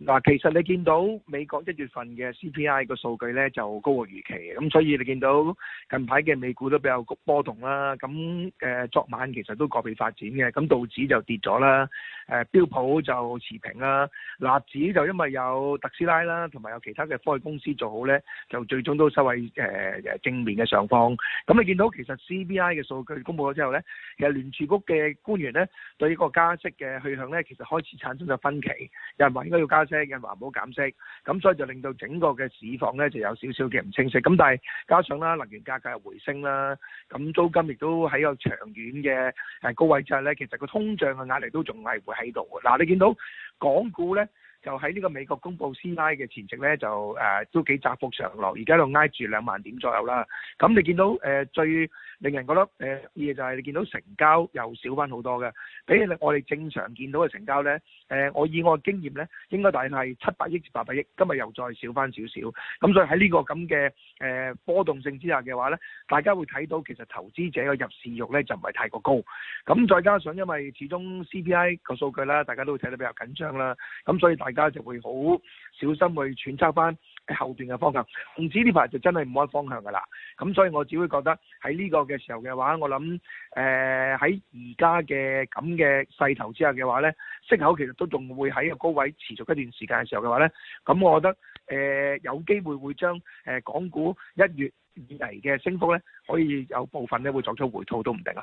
嗱，其實你見到美國一月份嘅 CPI 個數據咧就高過預期，咁所以你見到近排嘅美股都比較波動啦，咁誒、呃、昨晚其實都個別發展嘅，咁道指就跌咗啦，誒、呃、標普就持平啦，納指就因為有特斯拉啦，同埋有其他嘅科技公司做好咧，就最終都收喺誒誒正面嘅上方。咁你見到其實 CPI 嘅數據公佈咗之後咧，其實聯儲局嘅官員咧對呢個加息嘅去向咧，其實開始產生咗分歧，有人話應該要加。息，環保減息，咁所以就令到整個嘅市況咧就有少少嘅唔清晰。咁但係加上啦能源價格又回升啦，咁租金亦都喺個長遠嘅誒高位之後咧，其實個通脹嘅壓力都仲係會喺度嘅。嗱，你見到港股咧，就喺呢個美國公佈 CPI 嘅前夕呢，就誒、呃、都幾窄幅上落，而家度挨住兩萬點左右啦。咁你見到誒、呃、最令人覺得誒異、呃、就係、是、你見到成交又少翻好多嘅，比起我哋正常見到嘅成交呢，誒、呃、我以我嘅經驗應應該大概係七百億至八百億，今日又再少翻少少。咁所以喺呢、這個咁嘅誒波動性之下嘅話呢，大家會睇到其實投資者嘅入市慾呢，就唔係太過高。咁再加上因為始終 CPI 個數據啦，大家都會睇得比較緊張啦。咁所以大。大家就會好小心去揣測翻後段嘅方向，唔止呢排就真係冇乜方向噶啦。咁所以我只會覺得喺呢個嘅時候嘅話，我諗喺而家嘅咁嘅勢頭之下嘅話呢，息口其實都仲會喺個高位持續一段時間嘅時候嘅話呢，咁我覺得、呃、有機會會將、呃、港股一月以嚟嘅升幅呢，可以有部分呢會作出回吐都唔定啊。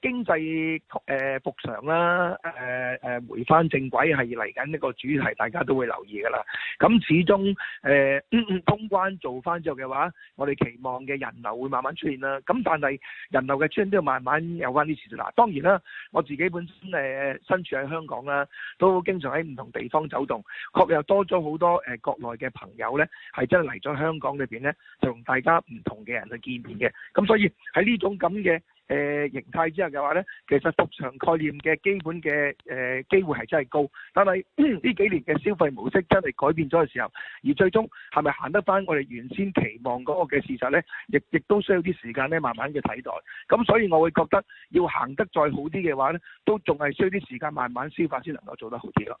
經濟誒、呃、復常啦，誒誒回翻正軌係嚟緊一個主題，大家都會留意㗎啦。咁始終誒通、呃、關做翻之後嘅話，我哋期望嘅人流會慢慢出現啦。咁但係人流嘅出現都要慢慢有關啲事實啦。當然啦，我自己本身誒、呃、身處喺香港啦，都經常喺唔同地方走動，確又多咗好多誒、呃、國內嘅朋友咧，係真係嚟咗香港裏邊呢，咧，就同大家唔同嘅人去見面嘅。咁所以喺呢種咁嘅，誒、呃、形態之下嘅話呢，其實獨場概念嘅基本嘅誒、呃、機會係真係高，但係呢幾年嘅消費模式真係改變咗嘅時候，而最終係咪行得返我哋原先期望嗰個嘅事實呢？亦亦都需要啲時間呢慢慢嘅睇待。咁所以我會覺得要行得再好啲嘅話呢都仲係需要啲時間慢慢消化先能夠做得好啲咯。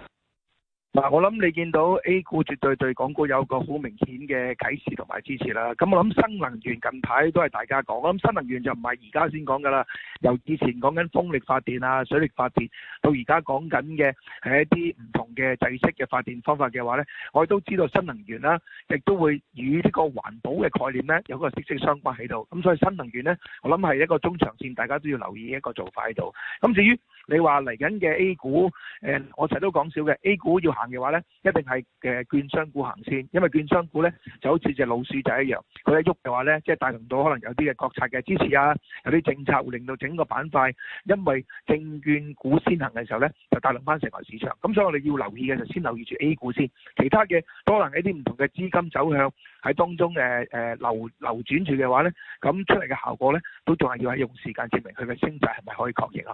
嗱，我諗你見到 A 股絕對對港股有個好明顯嘅啟示同埋支持啦。咁我諗新能源近排都係大家講，我諗新能源就唔係而家先講噶啦。由以前講緊風力發電啊、水力發電，到而家講緊嘅係一啲唔同嘅制式嘅發電方法嘅話呢，我哋都知道新能源啦，亦都會與呢個環保嘅概念呢有嗰個息息相關喺度。咁所以新能源呢，我諗係一個中長線大家都要留意一個做法喺度。咁至於你話嚟緊嘅 A 股，誒，我成日都講少嘅 A 股要行嘅話咧，一定係嘅券商股行先，因為券商股咧就好似隻老鼠仔一樣，佢一喐嘅話咧，即係帶動到可能有啲嘅國策嘅支持啊，有啲政策會令到整個板塊，因為證券股先行嘅時候咧，就帶動翻成個市場。咁所以我哋要留意嘅就先留意住 A 股先，其他嘅可能一啲唔同嘅資金走向喺當中誒、呃、流流轉住嘅話咧，咁出嚟嘅效果咧，都仲係要係用時間證明佢嘅升勢係咪可以確認啊。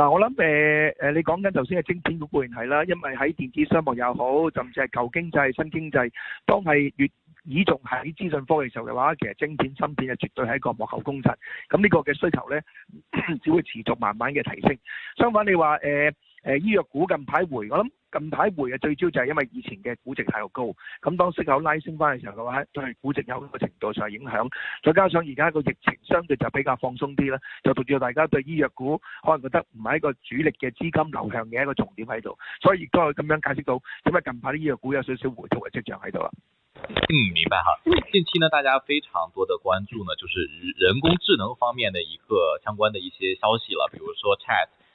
嗱，我諗誒誒，你講緊頭先嘅晶片股固然係啦，因為喺電子商務又好，甚至係舊經濟、新經濟，當係越倚重喺資訊科技時候嘅話，其實晶片、芯片係絕對係一個幕後功臣。咁、這、呢個嘅需求咧，只會持續慢慢嘅提升。相反，你話誒。誒、呃，醫藥股近排回，我諗近排回嘅最主要就係因為以前嘅估值太過高，咁當息口拉升翻嘅時候嘅話，對估值有一個程度上影響，再加上而家個疫情相對就比較放鬆啲啦，就導致大家對醫藥股可能覺得唔係一個主力嘅資金流向嘅一個重點喺度，所以亦都咁樣解釋到，因為近排啲醫藥股有少少回復嘅跡象喺度啦。嗯，明白哈。近期呢，大家非常多的關注呢，就是人工智能方面嘅一個相關嘅一些消息啦，譬如說 Chat。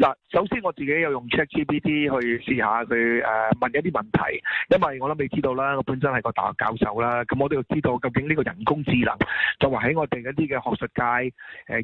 嗱，首先我自己有用 ChatGPT 去試下去誒問一啲問題，因為我諗未知道啦，我本身係個大學教授啦，咁我都要知道究竟呢個人工智能作為喺我哋一啲嘅學術界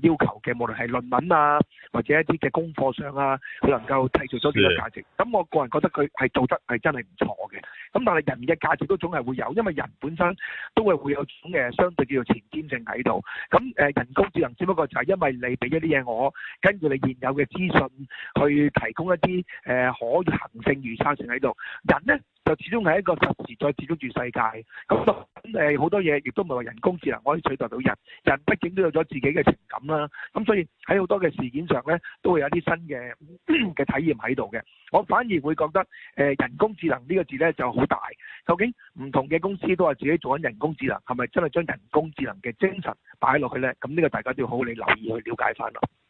要求嘅，無論係論文啊，或者一啲嘅功課上啊，佢能夠製造咗幾多價值？咁的我個人覺得佢係做得係真係唔錯嘅。咁但係人嘅價值都總係會有，因為人本身都係會有種嘅相對叫做前瞻性喺度。咁誒人工智能只不過就係因為你俾一啲嘢我，根據你現有嘅資訊去提供一啲誒可行性預測性喺度。人咧～就始終係一個實時再接觸住世界，咁誒好多嘢亦都唔係話人工智能可以取代到人，人畢竟都有咗自己嘅情感啦。咁所以喺好多嘅事件上呢，都會有啲新嘅嘅體驗喺度嘅。我反而會覺得，呃，人工智能呢個字呢就好大，究竟唔同嘅公司都話自己做緊人工智能，係咪真係將人工智能嘅精神擺落去呢？咁呢個大家都要好好哋留意去了解翻啦。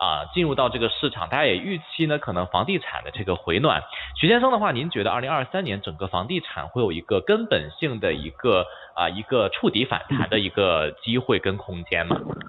啊，進入到這個市場，大家也預期呢，可能房地產的這個回暖。徐先生的話，您覺得二零二三年整個房地產會有一個根本性的一個啊，一個觸底反彈的一個機會跟空間嗎？嗯、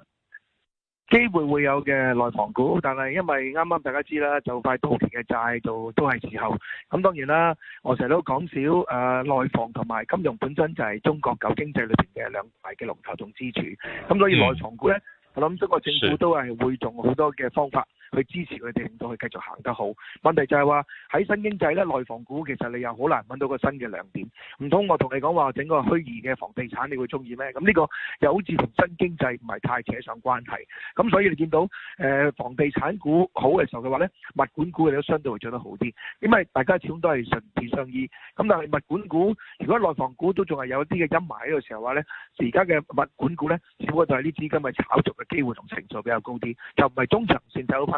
機會會有嘅內房股，但係因為啱啱大家知啦，就快到期嘅債就都係時候。咁當然啦，我成日都講笑誒、呃，內房同埋金融本身就係中國舊經濟裏邊嘅兩大嘅龍頭同支柱。咁所以內房股呢。嗯嗯我諗中國政府都係會用好多嘅方法，去支持佢哋令到佢繼續行得好，問題就係話喺新經濟咧，內房股其實你又好難揾到個新嘅亮點，唔通我同你講話整個虛擬嘅房地產你會中意咩？咁呢個又好似同新經濟唔係太扯上關係，咁所以你見到、呃、房地產股好嘅時候嘅話咧，物管股你都相對會做得好啲，因為大家始終都係純變相依，咁但係物管股如果內房股都仲係有啲嘅陰霾喺度時候嘅話咧，而家嘅物管股咧，只不過就係啲資金嘅炒作嘅機會同程度比較高啲，就唔係中長線走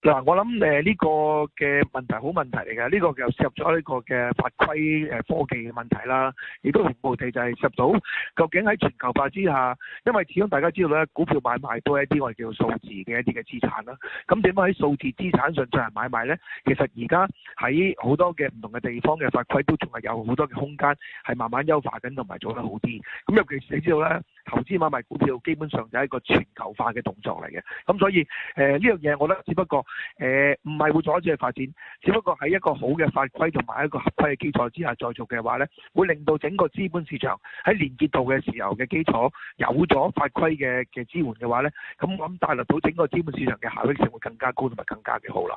嗱、啊，我諗誒呢個嘅問題好問題嚟噶，呢、這個又涉及咗呢個嘅法規誒、呃、科技嘅問題啦，亦都同步地就係涉到究竟喺全球化之下，因為始終大家知道咧，股票買賣都係一啲我哋叫做數字嘅一啲嘅資產啦，咁點樣喺數字資產上進行買賣咧？其實而家喺好多嘅唔同嘅地方嘅法規都仲係有好多嘅空間，係慢慢優化緊同埋做得好啲。咁尤其是你知道咧。投資買賣股票基本上就係一個全球化嘅動作嚟嘅，咁所以誒呢樣嘢我覺得，只不過誒唔係會阻止佢發展，只不過喺一個好嘅法規同埋一個合規嘅基礎之下再做嘅話呢，會令到整個資本市場喺連結度嘅時候嘅基礎有咗法規嘅嘅支援嘅話呢，咁我諗帶嚟到整個資本市場嘅效益性會更加高同埋更加嘅好啦。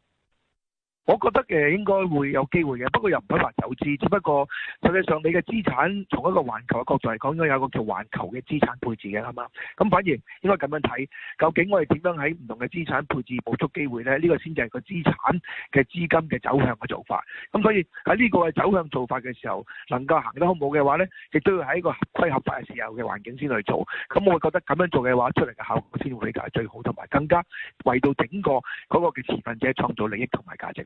我覺得誒應該會有機會嘅，不過又唔可以話走資，只不過實際上你嘅資產從一個環球嘅角度嚟講，應該有個叫環球嘅資產配置嘅，係嘛？咁反而應該咁樣睇，究竟我哋點樣喺唔同嘅資產配置捕捉機會呢？呢個先就係個資產嘅資金嘅走向嘅做法。咁所以喺呢個走向做法嘅時候，能夠行得好冇嘅話呢，亦都要喺一個合規合法嘅時候嘅環境先去做。咁我哋覺得咁樣做嘅話，出嚟嘅效果先會比較係最好，同埋更加為到整個嗰個嘅持份者創造利益同埋價值。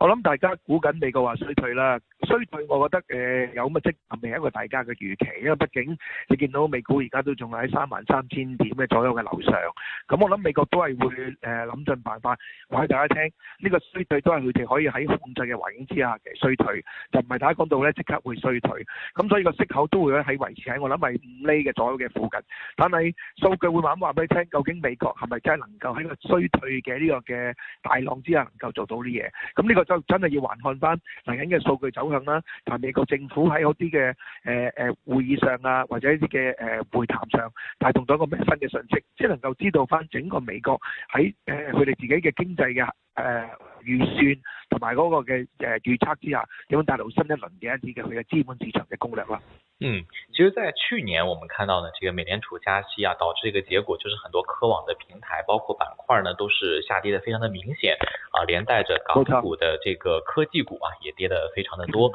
我諗大家估緊美國話衰退啦。衰退，我覺得誒有咁嘅跡，係一個大家嘅預期，因為畢竟你見到美股而家都仲喺三萬三千點嘅左右嘅樓上，咁我諗美國都係會誒諗盡辦法話俾大家聽，呢個衰退都係佢哋可以喺控制嘅環境之下嘅衰退，就唔係大家講到咧即刻會衰退，咁所以個息口都會喺維持喺我諗係五厘嘅左右嘅附近，但係數據會慢慢話俾你聽，究竟美國係咪真係能夠喺個衰退嘅呢個嘅大浪之下能夠做到啲嘢？咁呢個就真係要還看翻嚟緊嘅數據走向。啦，同美國政府喺嗰啲嘅誒誒會議上啊，或者一啲嘅誒會談上，帶動咗一個咩新嘅信息，即係能夠知道翻整個美國喺誒佢哋自己嘅經濟嘅誒。呃預算同埋嗰個嘅誒預測之下，大的點樣帶到新一輪嘅一啲嘅佢嘅資本市場嘅攻略啦？嗯，其實在去年，我們看到呢，這個美聯儲加息啊，導致一個結果就是很多科網的平台，包括板塊呢，都是下跌得非常的明顯啊，連帶着港股的這個科技股啊，也跌得非常的多。嗯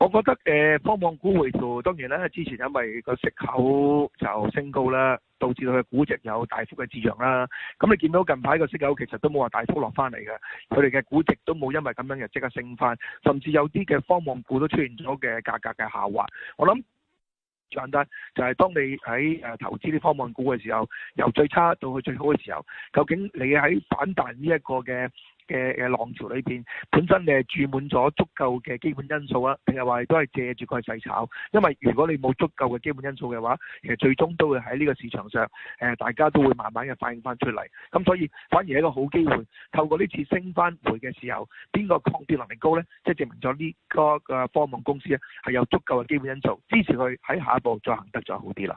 我覺得誒、呃、科網股回調當然啦，之前因為個息口就升高啦，導致佢嘅估值有大幅嘅上揚啦。咁你見到近排個息口其實都冇話大幅落翻嚟嘅，佢哋嘅估值都冇因為咁樣嘅即刻升翻，甚至有啲嘅科網股都出現咗嘅價格嘅下滑。我諗最簡單就係、是、當你喺投資啲科網股嘅時候，由最差到去最好嘅時候，究竟你喺反彈呢一個嘅嘅嘅浪潮裏邊，本身你係注滿咗足夠嘅基本因素啊。譬如話，亦都係借住佢去嚟炒。因為如果你冇足夠嘅基本因素嘅話，其實最終都會喺呢個市場上，誒，大家都會慢慢嘅反映翻出嚟。咁所以反而係一個好機會。透過呢次升翻回嘅時候，邊個抗跌能力高呢？即係證明咗呢個嘅科網公司咧，係有足夠嘅基本因素支持佢喺下一步再行得就好啲啦。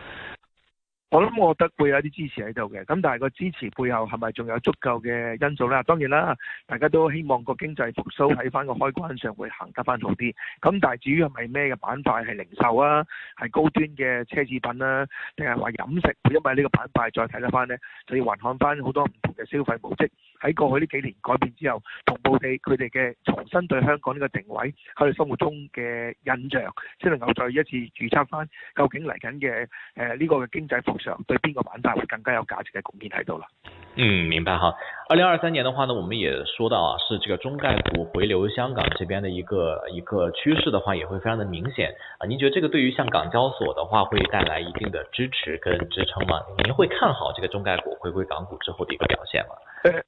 我諗我覺得會有啲支持喺度嘅，咁但係個支持背後係咪仲有足夠嘅因素呢？當然啦，大家都希望個經濟復甦喺翻個開關上會行得翻好啲。咁但係至於係咪咩嘅板塊係零售啊，係高端嘅奢侈品啊，定係話飲食，因為呢個板塊再睇得翻呢，就要還看翻好多唔同嘅消費模式。喺過去呢幾年改變之後，同步地佢哋嘅重新對香港呢個定位，喺佢生活中嘅印象，先能夠再一次預測翻究竟嚟緊嘅誒呢個嘅經濟復常對邊個板塊會更加有價值嘅貢獻喺度啦。嗯，明白哈。二零二三年嘅話呢，我們也說到啊，是這個中概股回流香港這邊嘅一個一個趨勢嘅話，也會非常的明顯啊。您覺得這個對於像港交所嘅話，會帶來一定的支持跟支撐嗎？您會看好這個中概股回歸港股之後嘅一個表現嗎？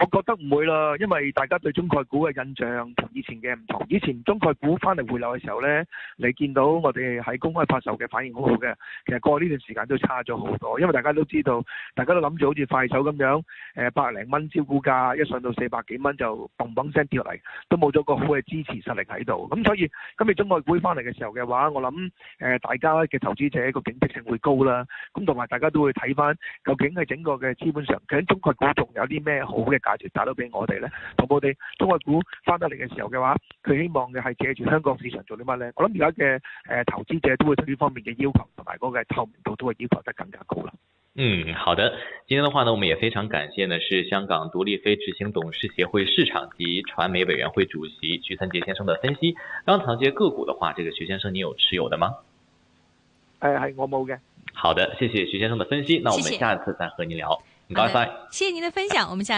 我覺得唔會啦，因為大家對中概股嘅印象同以前嘅唔同。以前中概股翻嚟回流嘅時候呢，你見到我哋喺公開發售嘅反應好好嘅，其實過呢段時間都差咗好多。因為大家都知道，大家都諗住好似快手咁樣，誒百零蚊招股價，一上到四百幾蚊就嘣嘣聲跌落嚟，都冇咗個好嘅支持實力喺度。咁所以今日中概股翻嚟嘅時候嘅話，我諗誒大家嘅投資者個警惕性會高啦。咁同埋大家都會睇翻，究竟係整個嘅資本上，究竟中概股仲有啲咩好嘅？解決打到俾我哋咧，同我哋中國股翻得嚟嘅時候嘅話，佢希望嘅係借住香港市場做啲乜咧？我諗而家嘅誒投資者都會對呢方面嘅要求同埋嗰個透明度都會要求得更加高啦。嗯，好的。今天的話呢，我們也非常感謝呢，是香港獨立非執行董事協會市場及傳媒委員會主席徐燦傑先生的分析。剛談及個股的話，這個徐先生，你有持有的嗎？誒、呃，係我冇嘅。好的，謝謝徐先生的分析。那我們下一次再和您聊。唔該曬。Okay，謝謝您的分享，我們下。